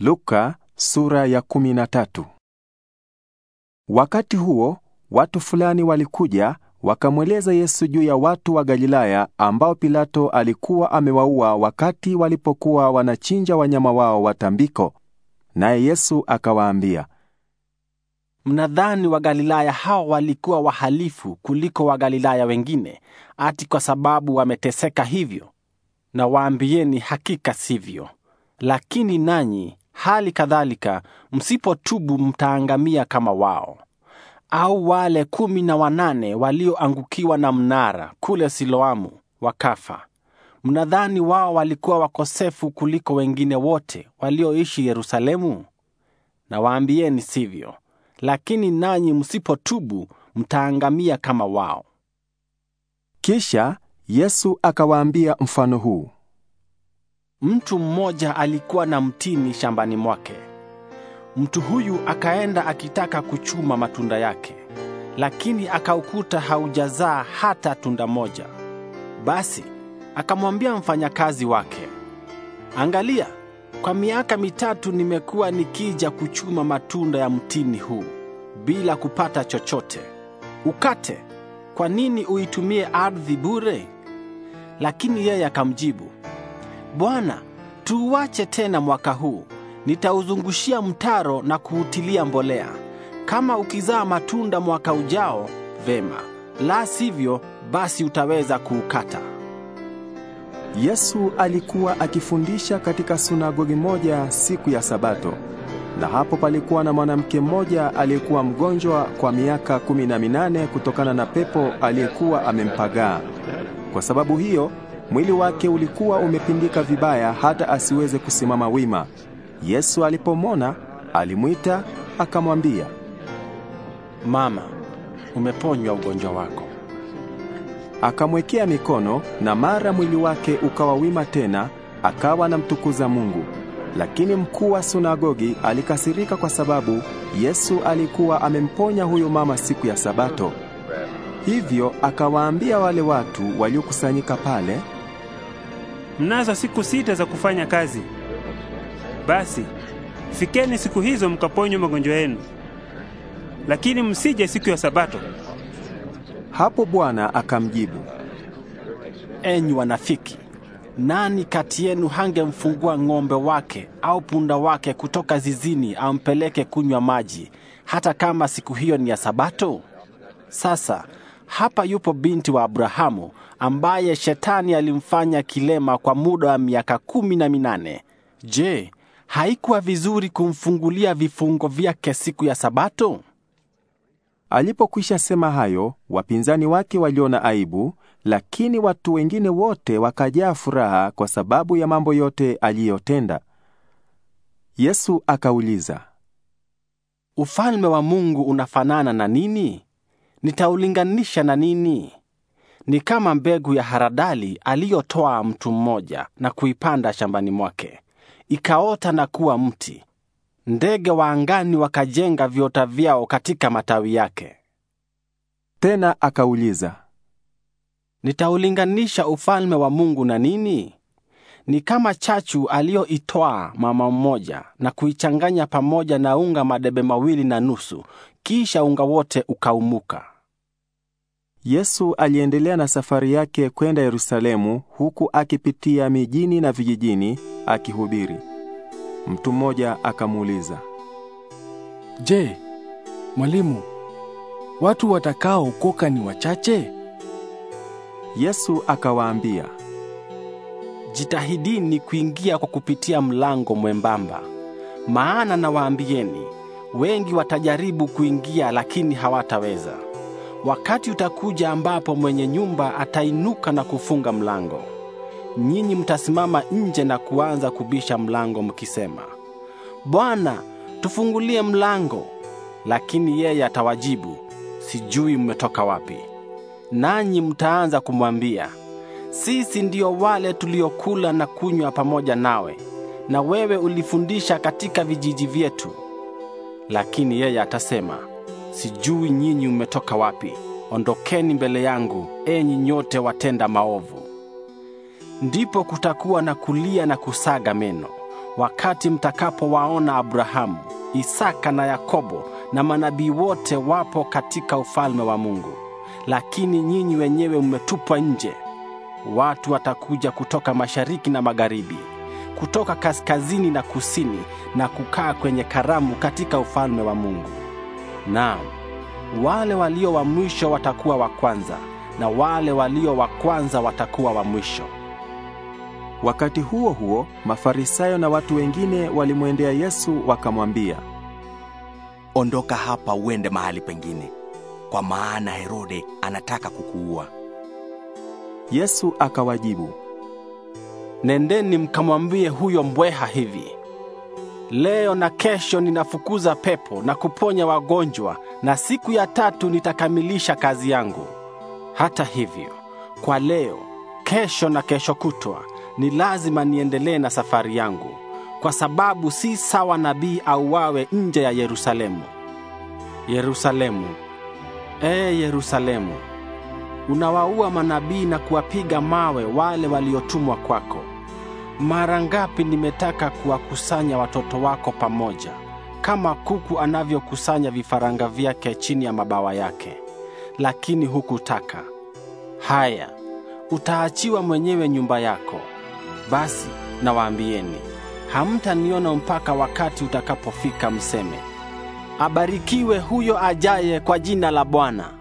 Luka sura ya kumi na tatu. Wakati huo watu fulani walikuja wakamweleza Yesu juu ya watu wa Galilaya ambao Pilato alikuwa amewaua wakati walipokuwa wanachinja wanyama wao watambiko. Naye Yesu akawaambia, Mnadhani wa Galilaya hao walikuwa wahalifu kuliko wa Galilaya wengine, ati kwa sababu wameteseka hivyo? Na waambieni hakika sivyo. Lakini nanyi Hali kadhalika, msipotubu mtaangamia kama wao. Au wale kumi na wanane walioangukiwa na mnara kule Siloamu wakafa. Mnadhani wao walikuwa wakosefu kuliko wengine wote walioishi Yerusalemu? Nawaambieni sivyo. Lakini nanyi msipotubu mtaangamia kama wao. Kisha Yesu akawaambia mfano huu: mtu mmoja alikuwa na mtini shambani mwake. Mtu huyu akaenda akitaka kuchuma matunda yake, lakini akaukuta haujazaa hata tunda moja. Basi akamwambia mfanyakazi wake, angalia, kwa miaka mitatu nimekuwa nikija kuchuma matunda ya mtini huu bila kupata chochote. Ukate, kwa nini uitumie ardhi bure? Lakini yeye akamjibu Bwana, tuuache tena mwaka huu, nitauzungushia mtaro na kuutilia mbolea. Kama ukizaa matunda mwaka ujao, vema; la sivyo, basi utaweza kuukata. Yesu alikuwa akifundisha katika sunagogi moja siku ya Sabato, na hapo palikuwa na mwanamke mmoja aliyekuwa mgonjwa kwa miaka kumi na minane kutokana na pepo aliyekuwa amempagaa. Kwa sababu hiyo Mwili wake ulikuwa umepindika vibaya hata asiweze kusimama wima. Yesu alipomwona, alimwita akamwambia, Mama, umeponywa ugonjwa wako. Akamwekea mikono na mara mwili wake ukawa wima tena, akawa anamtukuza Mungu. Lakini mkuu wa sunagogi alikasirika kwa sababu Yesu alikuwa amemponya huyo mama siku ya Sabato. Hivyo akawaambia wale watu waliokusanyika pale, mnazo siku sita za kufanya kazi. Basi fikeni siku hizo mkaponywe magonjwa yenu, lakini msije siku ya Sabato. Hapo Bwana akamjibu, enyi wanafiki, nani kati yenu hangemfungua ng'ombe wake au punda wake kutoka zizini ampeleke kunywa maji, hata kama siku hiyo ni ya Sabato? Sasa hapa yupo binti wa Abrahamu ambaye shetani alimfanya kilema kwa muda wa miaka kumi na minane. Je, haikuwa vizuri kumfungulia vifungo vyake siku ya Sabato? Alipokwisha sema hayo, wapinzani wake waliona aibu, lakini watu wengine wote wakajaa furaha kwa sababu ya mambo yote aliyotenda. Yesu akauliza, Ufalme wa Mungu unafanana na nini? nitaulinganisha na nini? Ni kama mbegu ya haradali aliyotoa mtu mmoja na kuipanda shambani mwake, ikaota na kuwa mti, ndege wa angani wakajenga viota vyao katika matawi yake. Tena akauliza, nitaulinganisha ufalme wa Mungu na nini? Ni kama chachu aliyoitwaa mama mmoja na kuichanganya pamoja na unga madebe mawili na nusu, kisha unga wote ukaumuka. Yesu aliendelea na safari yake kwenda Yerusalemu huku akipitia mijini na vijijini akihubiri. Mtu mmoja akamuuliza, "Je, mwalimu, watu watakaookoka ni wachache?" Yesu akawaambia, "Jitahidini kuingia kwa kupitia mlango mwembamba, maana nawaambieni, wengi watajaribu kuingia lakini hawataweza." Wakati utakuja ambapo mwenye nyumba atainuka na kufunga mlango. Nyinyi mtasimama nje na kuanza kubisha mlango mkisema, Bwana, tufungulie mlango. Lakini yeye atawajibu, sijui mmetoka wapi. Nanyi mtaanza kumwambia, sisi ndio wale tuliokula na kunywa pamoja nawe, na wewe ulifundisha katika vijiji vyetu. Lakini yeye atasema sijui nyinyi mmetoka wapi. Ondokeni mbele yangu, enyi nyote watenda maovu. Ndipo kutakuwa na kulia na kusaga meno, wakati mtakapowaona Abrahamu, Isaka na Yakobo na manabii wote wapo katika ufalme wa Mungu, lakini nyinyi wenyewe mmetupwa nje. Watu watakuja kutoka mashariki na magharibi, kutoka kaskazini na kusini, na kukaa kwenye karamu katika ufalme wa Mungu. Naam, wale walio wa mwisho watakuwa wa kwanza, na wale walio wa kwanza watakuwa wa mwisho. Wakati huo huo, Mafarisayo na watu wengine walimwendea Yesu wakamwambia, Ondoka hapa uende mahali pengine, kwa maana Herode anataka kukuua. Yesu akawajibu, Nendeni mkamwambie huyo mbweha hivi Leo na kesho ninafukuza pepo na kuponya wagonjwa, na siku ya tatu nitakamilisha kazi yangu. Hata hivyo, kwa leo, kesho na kesho kutwa, ni lazima niendelee na safari yangu, kwa sababu si sawa nabii auawe nje ya Yerusalemu. Yerusalemu, ee Yerusalemu, unawaua manabii na kuwapiga mawe wale waliotumwa kwako. Mara ngapi nimetaka kuwakusanya watoto wako pamoja, kama kuku anavyokusanya vifaranga vyake chini ya mabawa yake, lakini hukutaka. Haya, utaachiwa mwenyewe nyumba yako. Basi nawaambieni, hamtaniona mpaka wakati utakapofika mseme, abarikiwe huyo ajaye kwa jina la Bwana.